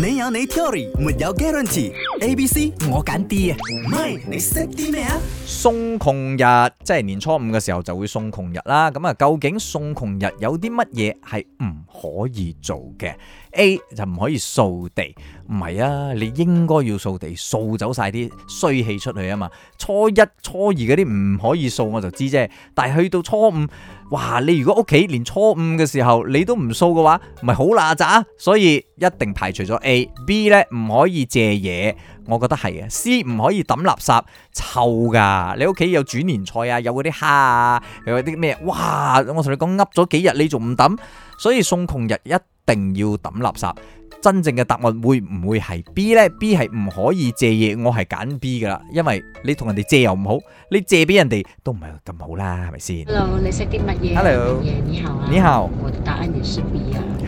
你有你 theory 沒有 guarantee。A、B、C 我揀 D 啊！唔係，你識啲咩啊？送窮日即係年初五嘅時候就會送窮日啦。咁啊，究竟送窮日有啲乜嘢係唔可以做嘅？A 就唔可以掃地，唔係啊，你應該要掃地，掃走晒啲衰氣出去啊嘛。初一、初二嗰啲唔可以掃，我就知啫。但係去到初五，哇！你如果屋企連初五嘅時候你都唔掃嘅話，唔係好嗱喳，所以。一定排除咗 A、B 呢，唔可以借嘢，我覺得係啊。C 唔可以抌垃圾，臭噶。你屋企有煮年菜啊，有嗰啲蝦啊，有嗰啲咩？哇！我同你講噏咗幾日，你仲唔抌？所以送窮日一定要抌垃圾。真正嘅答案會唔會係 B 呢？B 係唔可以借嘢，我係揀 B 噶啦。因為你同人哋借又唔好，你借俾人哋都唔係咁好啦，係咪先？Hello，你識啲乜嘢？Hello，你好啊。你好，我的答案也是 B 啊。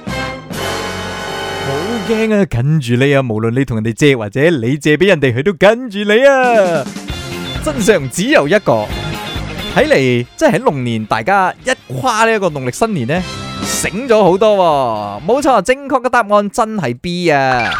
驚啊！跟住你啊，無論你同人哋借或者你借俾人哋，佢都跟住你啊。 真相只有一個，睇嚟即係喺龍年，大家一跨呢一個農曆新年呢，醒咗好多喎啊。冇錯，正確嘅答案真係 B 啊。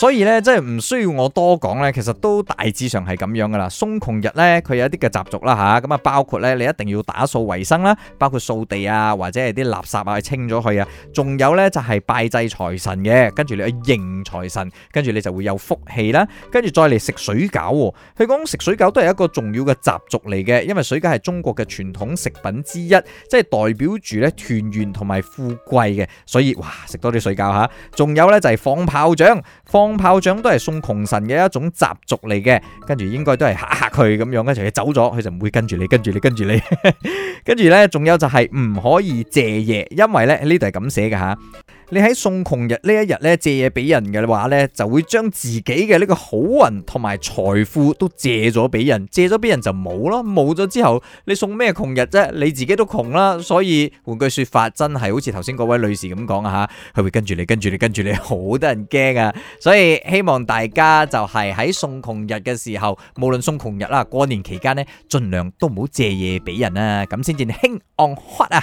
所以咧，即係唔需要我多講咧，其實都大致上係咁樣噶啦。送窮日咧，佢有一啲嘅習俗啦吓，咁啊包括咧，你一定要打掃衛生啦，包括掃地啊，或者係啲垃圾啊，清咗佢啊。仲有咧就係拜祭財神嘅，跟住你去迎財神，跟住你，你就會有福氣啦。跟住再嚟食水餃，佢講食水餃都係一個重要嘅習俗嚟嘅，因為水餃係中國嘅傳統食品之一，即係代表住咧團圓同埋富貴嘅。所以哇，食多啲水餃吓。仲有咧就係放炮仗，放。放炮仗都係送窮神嘅一種習俗嚟嘅。跟住應該都係嚇嚇佢咁樣，跟住佢走咗，佢就唔會跟住你，跟住你跟住你，跟住 呢，仲有就係唔可以借嘢，因為呢呢度係咁寫嘅吓。你喺送窮日呢一日咧，借嘢俾人嘅話呢，就會將自己嘅呢個好運同埋財富都借咗俾人，借咗俾人就冇咯，冇咗之後你送咩窮日啫？你自己都窮啦，所以換句說法，真係好似頭先嗰位女士咁講啊吓，佢會跟住你，跟住你，跟住你，好得人驚啊！所以希望大家就係喺送窮日嘅時候，無論送窮日啦，過年期間呢，盡量都唔好借嘢俾人啊，咁先至興旺啊！